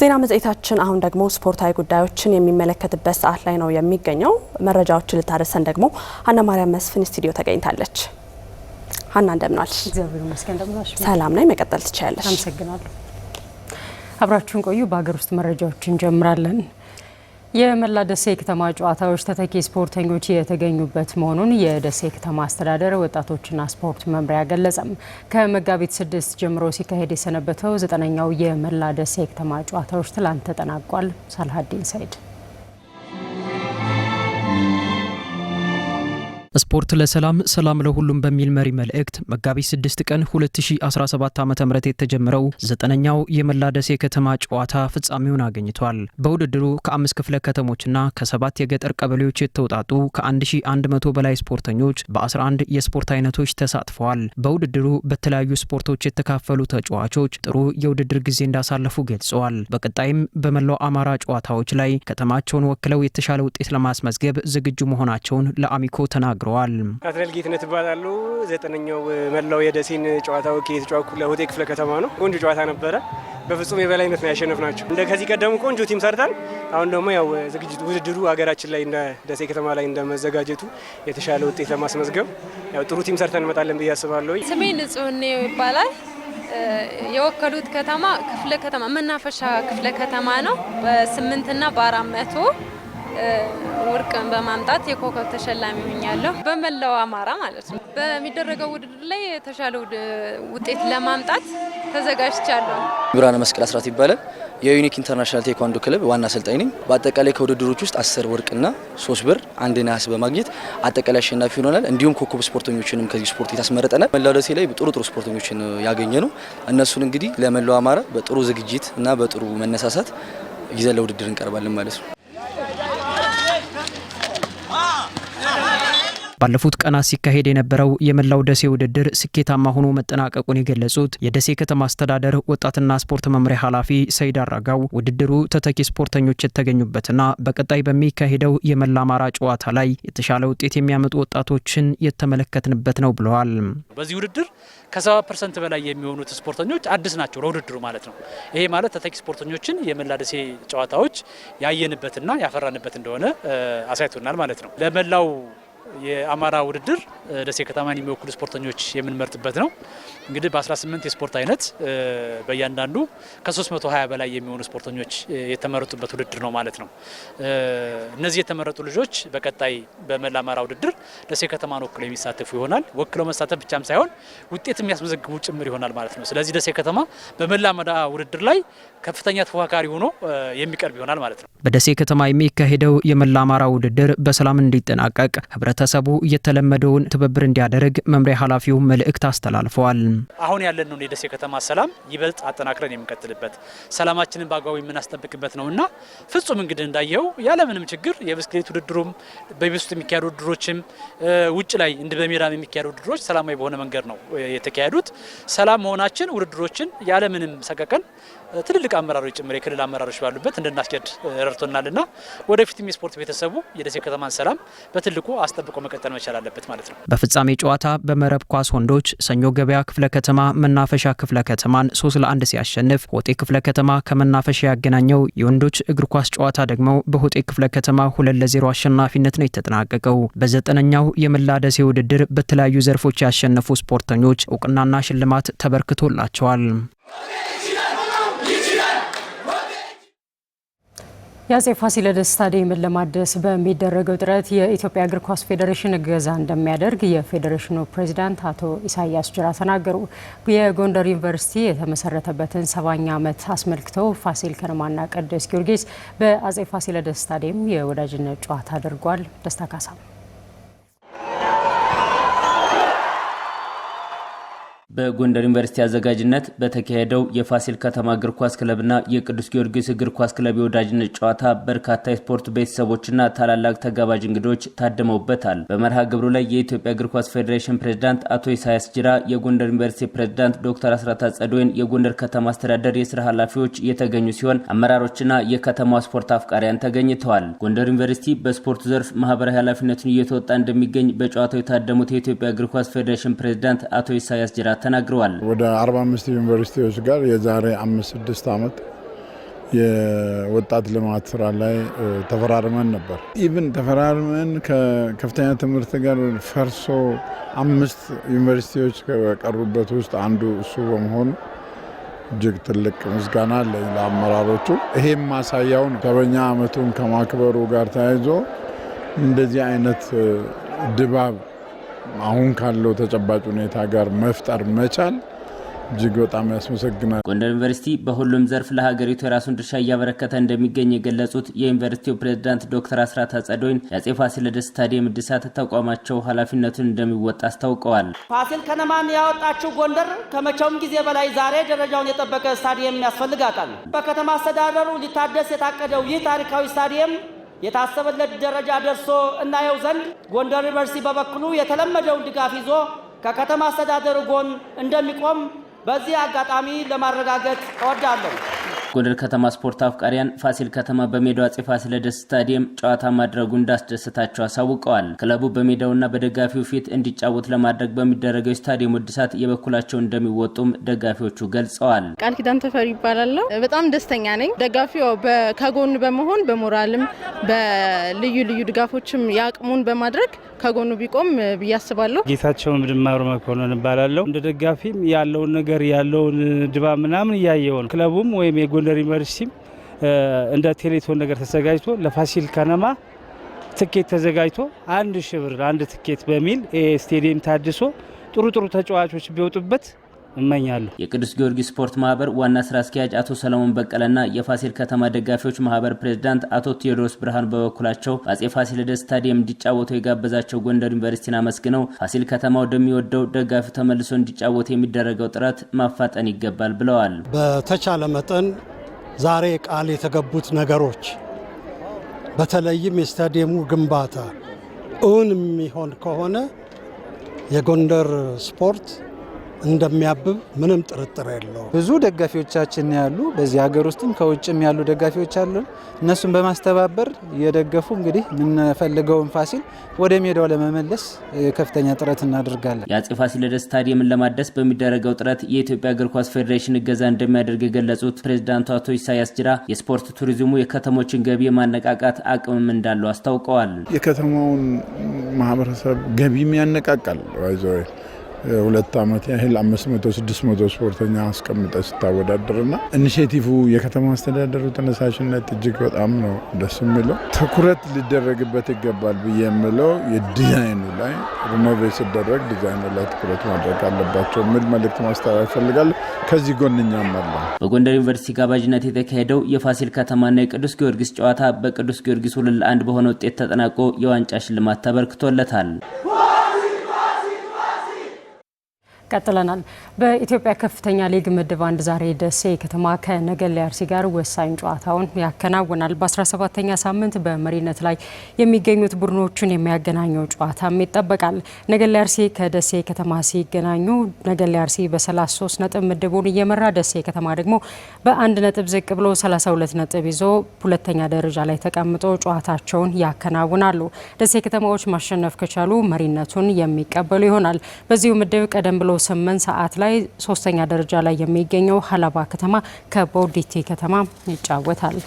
ዜና መጽሔታችን አሁን ደግሞ ስፖርታዊ ጉዳዮችን የሚመለከትበት ሰዓት ላይ ነው የሚገኘው። መረጃዎችን ልታደርሰን ደግሞ ሀና ማርያም መስፍን ስቱዲዮ ተገኝታለች። ሀና እንደምናል? ሰላም ነኝ። መቀጠል ትችያለሽ። አመሰግናለሁ። አብራችሁን ቆዩ። በሀገር ውስጥ መረጃዎችን እንጀምራለን። የመላ ደሴ ከተማ ጨዋታዎች ተተኪ ስፖርተኞች የተገኙበት መሆኑን የደሴ ከተማ አስተዳደር ወጣቶችና ስፖርት መምሪያ ገለጸም። ከመጋቢት ስድስት ጀምሮ ሲካሄድ የሰነበተው ዘጠነኛው የመላ ደሴ ከተማ ጨዋታዎች ትላንት ተጠናቋል። ሳልሀዲን ሰይድ ስፖርት ለሰላም ሰላም ለሁሉም በሚል መሪ መልእክት መጋቢት 6 ቀን 2017 ዓ ም የተጀመረው ዘጠነኛው የመላ ደሴ ከተማ ጨዋታ ፍጻሜውን አገኝቷል። በውድድሩ ከአምስት ክፍለ ከተሞችና ከሰባት የገጠር ቀበሌዎች የተውጣጡ ከ1100 በላይ ስፖርተኞች በ11 የስፖርት አይነቶች ተሳትፈዋል። በውድድሩ በተለያዩ ስፖርቶች የተካፈሉ ተጫዋቾች ጥሩ የውድድር ጊዜ እንዳሳለፉ ገልጸዋል። በቀጣይም በመላው አማራ ጨዋታዎች ላይ ከተማቸውን ወክለው የተሻለ ውጤት ለማስመዝገብ ዝግጁ መሆናቸውን ለአሚኮ ተናግ ተናግረዋል። ካትሬል ጌትነት ይባላሉ። ዘጠነኛው መላው የደሴን ጨዋታ ወኪ የተጫዋኩ ለሆቴ ክፍለ ከተማ ነው። ቆንጆ ጨዋታ ነበረ። በፍጹም የበላይነት ነው ያሸነፍ ናቸው። እንደ ከዚህ ቀደሙ ቆንጆ ቲም ሰርተን አሁን ደግሞ ያው ዝግጅት ውድድሩ ሀገራችን ላይ ደሴ ከተማ ላይ እንደመዘጋጀቱ የተሻለ ውጤት ለማስመዝገብ ያው ጥሩ ቲም ሰርተን እንመጣለን ብዬ አስባለሁ። ስሜ ንጹህኔ ይባላል። የወከሉት ከተማ ክፍለ ከተማ መናፈሻ ክፍለ ከተማ ነው። በስምንትና በአራት መቶ ወርቅን በማምጣት የኮከብ ተሸላሚ ሆኛለሁ። በመላው አማራ ማለት ነው። በሚደረገው ውድድር ላይ የተሻለ ውጤት ለማምጣት ተዘጋጅቻለሁ። ብርሃነ መስቀል አስራት ይባላል። የዩኒክ ኢንተርናሽናል ቴኳንዶ ክለብ ዋና አሰልጣኝ ነኝ። በአጠቃላይ ከውድድሮች ውስጥ አስር ወርቅና ሶስት ብር አንድ ነሐስ በማግኘት አጠቃላይ አሸናፊ ሆነናል። እንዲሁም ኮከብ ስፖርተኞችንም ከዚህ ስፖርት የታስመረጠናል። መላው ደሴ ላይ ጥሩ ጥሩ ስፖርተኞችን ያገኘ ነው። እነሱን እንግዲህ ለመላው አማራ በጥሩ ዝግጅት እና በጥሩ መነሳሳት ይዘን ለውድድር እንቀርባለን ማለት ነው። ባለፉት ቀናት ሲካሄድ የነበረው የመላው ደሴ ውድድር ስኬታማ ሆኖ መጠናቀቁን የገለጹት የደሴ ከተማ አስተዳደር ወጣትና ስፖርት መምሪያ ኃላፊ ሰይድ አራጋው ውድድሩ ተተኪ ስፖርተኞች የተገኙበትና በቀጣይ በሚካሄደው የመላ አማራ ጨዋታ ላይ የተሻለ ውጤት የሚያመጡ ወጣቶችን የተመለከትንበት ነው ብለዋል። በዚህ ውድድር ከሰባ ፐርሰንት በላይ የሚሆኑት ስፖርተኞች አዲስ ናቸው ለውድድሩ ማለት ነው። ይሄ ማለት ተተኪ ስፖርተኞችን የመላ ደሴ ጨዋታዎች ያየንበትና ያፈራንበት እንደሆነ አሳይቶናል ማለት ነው ለመላው የአማራ ውድድር ደሴ ከተማን የሚወክሉ ስፖርተኞች የምንመርጥበት ነው። እንግዲህ በ18 የስፖርት አይነት በእያንዳንዱ ከ320 በላይ የሚሆኑ ስፖርተኞች የተመረጡበት ውድድር ነው ማለት ነው። እነዚህ የተመረጡ ልጆች በቀጣይ በመላ አማራ ውድድር ደሴ ከተማን ወክለው የሚሳተፉ ይሆናል። ወክለው መሳተፍ ብቻም ሳይሆን ውጤት የሚያስመዘግቡ ጭምር ይሆናል ማለት ነው። ስለዚህ ደሴ ከተማ በመላ አማራ ውድድር ላይ ከፍተኛ ተፎካካሪ ሆኖ የሚቀርብ ይሆናል ማለት ነው። በደሴ ከተማ የሚካሄደው የመላ አማራ ውድድር በሰላም እንዲጠናቀቅ ህብረተሰቡ የተለመደውን ትብብር እንዲያደርግ መምሪያ ኃላፊው መልእክት አስተላልፈዋል። አሁን ያለነውን የደሴ ከተማ ሰላም ይበልጥ አጠናክረን የምንቀጥልበት ሰላማችንን በአግባቡ የምናስጠብቅበት እና ፍጹም እንግዲህ እንዳየው ያለምንም ችግር የብስክሌት ውድድሩም በቤት ውስጥ የሚካሄዱ ውድድሮችም ውጭ ላይ እንደ በሜዳም የሚካሄዱ ውድድሮች ሰላማዊ በሆነ መንገድ ነው የተካሄዱት። ሰላም መሆናችን ውድድሮችን ያለምንም ሰቀቀን ትልልቅ አመራሮች ጭምር የክልል አመራሮች ባሉበት እንድናስኬድ ና ወደፊትም የስፖርት ቤተሰቡ የደሴ ከተማን ሰላም በትልቁ አስጠብቆ መቀጠል መቻል አለበት ማለት ነው። በፍጻሜ ጨዋታ በመረብ ኳስ ወንዶች ሰኞ ገበያ ክፍለ ከተማ መናፈሻ ክፍለ ከተማን ሶስት ለአንድ ሲያሸንፍ ሆጤ ክፍለ ከተማ ከመናፈሻ ያገናኘው የወንዶች እግር ኳስ ጨዋታ ደግሞ በሆጤ ክፍለ ከተማ ሁለት ለዜሮ አሸናፊነት ነው የተጠናቀቀው። በዘጠነኛው የመላ ደሴ ውድድር በተለያዩ ዘርፎች ያሸነፉ ስፖርተኞች እውቅናና ሽልማት ተበርክቶላቸዋል። የአጼ ፋሲለደስ ስታዲየምን ለማደስ በሚደረገው ጥረት የኢትዮጵያ እግር ኳስ ፌዴሬሽን እገዛ እንደሚያደርግ የፌዴሬሽኑ ፕሬዚዳንት አቶ ኢሳያስ ጅራ ተናገሩ። የጎንደር ዩኒቨርሲቲ የተመሰረተበትን ሰባኛ ዓመት አስመልክተው ፋሲል ከነማና ቅዱስ ጊዮርጊስ በአጼ ፋሲለደስ ስታዲየም የወዳጅነት ጨዋታ አድርጓል። ደስታ ካሳ በጎንደር ዩኒቨርሲቲ አዘጋጅነት በተካሄደው የፋሲል ከተማ እግር ኳስ ክለብና የቅዱስ ጊዮርጊስ እግር ኳስ ክለብ የወዳጅነት ጨዋታ በርካታ የስፖርት ቤተሰቦችና ታላላቅ ተጋባዥ እንግዶች ታድመውበታል። በመርሃ ግብሩ ላይ የኢትዮጵያ እግር ኳስ ፌዴሬሽን ፕሬዝዳንት አቶ ኢሳያስ ጅራ፣ የጎንደር ዩኒቨርሲቲ ፕሬዝዳንት ዶክተር አስራት አጸደወይን፣ የጎንደር ከተማ አስተዳደር የስራ ኃላፊዎች የተገኙ ሲሆን አመራሮችና የከተማ ስፖርት አፍቃሪያን ተገኝተዋል። ጎንደር ዩኒቨርሲቲ በስፖርት ዘርፍ ማህበራዊ ኃላፊነቱን እየተወጣ እንደሚገኝ በጨዋታው የታደሙት የኢትዮጵያ እግር ኳስ ፌዴሬሽን ፕሬዝዳንት አቶ ኢሳያስ ጅራ ተናግረዋል። ወደ 45 ዩኒቨርሲቲዎች ጋር የዛሬ 56 ዓመት የወጣት ልማት ስራ ላይ ተፈራርመን ነበር። ኢቭን ተፈራርመን ከከፍተኛ ትምህርት ጋር ፈርሶ አምስት ዩኒቨርሲቲዎች ከቀሩበት ውስጥ አንዱ እሱ በመሆኑ እጅግ ትልቅ ምስጋና አለኝ ለአመራሮቹ። ይሄም ማሳያው ነው። ሰበኛ ዓመቱን ከማክበሩ ጋር ተያይዞ እንደዚህ አይነት ድባብ አሁን ካለው ተጨባጭ ሁኔታ ጋር መፍጠር መቻል እጅግ በጣም ያስመሰግናል። ጎንደር ዩኒቨርሲቲ በሁሉም ዘርፍ ለሀገሪቱ የራሱን ድርሻ እያበረከተ እንደሚገኝ የገለጹት የዩኒቨርሲቲው ፕሬዝዳንት ዶክተር አስራት አጸደወይን የአፄ ፋሲለደስ ስታዲየም እድሳት ተቋማቸው ኃላፊነቱን እንደሚወጣ አስታውቀዋል። ፋሲል ከነማን ያወጣችው ጎንደር ከመቼውም ጊዜ በላይ ዛሬ ደረጃውን የጠበቀ ስታዲየም ያስፈልጋታል። በከተማ አስተዳደሩ ሊታደስ የታቀደው ይህ ታሪካዊ ስታዲየም የታሰበለት ደረጃ ደርሶ እናየው ዘንድ ጎንደር ዩኒቨርሲቲ በበኩሉ የተለመደውን ድጋፍ ይዞ ከከተማ አስተዳደሩ ጎን እንደሚቆም በዚህ አጋጣሚ ለማረጋገጥ እወዳለሁ። ጎንደር ከተማ ስፖርት አፍቃሪያን ፋሲል ከተማ በሜዳው አጼ ፋሲለደስ ስታዲየም ጨዋታ ማድረጉ እንዳስደሰታቸው አሳውቀዋል። ክለቡ በሜዳውና በደጋፊው ፊት እንዲጫወት ለማድረግ በሚደረገው ስታዲየም እድሳት የበኩላቸውን እንደሚወጡም ደጋፊዎቹ ገልጸዋል። ቃል ኪዳን ተፈሪ ይባላለሁ። በጣም ደስተኛ ነኝ። ደጋፊው ከጎን በመሆን በሞራልም በልዩ ልዩ ድጋፎችም የአቅሙን በማድረግ ከጎኑ ቢቆም ብዬ አስባለሁ። ጌታቸው ምድማሩ መኮንን እባላለሁ። እንደ ደጋፊም ያለውን ነገር ያለውን ድባብ ምናምን እያየው ነው። ክለቡም ወይም የጎንደር ዩኒቨርሲቲም እንደ ቴሌቶን ነገር ተዘጋጅቶ ለፋሲል ከነማ ትኬት ተዘጋጅቶ አንድ ሽብር ብር አንድ ትኬት በሚል ስቴዲየም ታድሶ ጥሩ ጥሩ ተጫዋቾች ቢወጡበት እመኛለሁ። የቅዱስ ጊዮርጊስ ስፖርት ማህበር ዋና ስራ አስኪያጅ አቶ ሰለሞን በቀለና የፋሲል ከተማ ደጋፊዎች ማህበር ፕሬዝዳንት አቶ ቴዎድሮስ ብርሃን በበኩላቸው በአጼ ፋሲለደስ ስታዲየም እንዲጫወተው የጋበዛቸው ጎንደር ዩኒቨርሲቲን አመስግነው ፋሲል ከተማ ወደሚወደው ደጋፊው ተመልሶ እንዲጫወት የሚደረገው ጥረት ማፋጠን ይገባል ብለዋል። በተቻለ መጠን ዛሬ ቃል የተገቡት ነገሮች በተለይም የስታዲየሙ ግንባታ እውን የሚሆን ከሆነ የጎንደር ስፖርት እንደሚያብብ ምንም ጥርጥር የለው። ብዙ ደጋፊዎቻችን ያሉ በዚህ ሀገር ውስጥም ከውጭም ያሉ ደጋፊዎች አሉ። እነሱን በማስተባበር የደገፉ እንግዲህ የምንፈልገውን ፋሲል ወደ ሜዳው ለመመለስ ከፍተኛ ጥረት እናደርጋለን። የአፄ ፋሲለደስ ስታዲየምን ለማደስ በሚደረገው ጥረት የኢትዮጵያ እግር ኳስ ፌዴሬሽን እገዛ እንደሚያደርግ የገለጹት ፕሬዚዳንቱ አቶ ኢሳያስ ጅራ የስፖርት ቱሪዝሙ የከተሞችን ገቢ የማነቃቃት አቅምም እንዳለው አስታውቀዋል። የከተማውን ማህበረሰብ ገቢም ያነቃቃል ሁለት ዓመት ያህል 500 መቶ ስፖርተኛ አስቀምጠ ና ኢኒሽቲቭ የከተማ አስተዳደሩ ተነሳሽነት እጅግ በጣም ነው ደስ የሚለው። ትኩረት ሊደረግበት ይገባል ብዬ የምለው የዲዛይኑ ላይ ሪኖቬት ሲደረግ ዲዛይኑ ላይ ትኩረት ማድረግ አለባቸው የሚል መልእክት ማስተራ ይፈልጋል። ከዚህ ጎንኛም አለ። በጎንደር ዩኒቨርሲቲ ጋባዥነት የተካሄደው የፋሲል ከተማና የቅዱስ ጊዮርጊስ ጨዋታ በቅዱስ ጊዮርጊስ ሁለት ለአንድ በሆነ ውጤት ተጠናቆ የዋንጫ ሽልማት ተበርክቶለታል። ቀጥለናል። በኢትዮጵያ ከፍተኛ ሊግ ምድብ አንድ ዛሬ ደሴ ከተማ ከነገሌ አርሲ ጋር ወሳኝ ጨዋታውን ያከናውናል። በ17ኛ ሳምንት በመሪነት ላይ የሚገኙት ቡድኖቹን የሚያገናኘው ጨዋታም ይጠበቃል። ነገሌ አርሲ ከደሴ ከተማ ሲገናኙ ነገሌ አርሲ በ33 ነጥብ ምድቡን እየመራ ደሴ ከተማ ደግሞ በአንድ ነጥብ ዝቅ ብሎ 32 ነጥብ ይዞ ሁለተኛ ደረጃ ላይ ተቀምጦ ጨዋታቸውን ያከናውናሉ። ደሴ ከተማዎች ማሸነፍ ከቻሉ መሪነቱን የሚቀበሉ ይሆናል። በዚሁ ምድብ ቀደም ብሎ 8 ሰዓት ላይ ሶስተኛ ደረጃ ላይ የሚገኘው ሀላባ ከተማ ከቦዲቴ ከተማ ይጫወታል።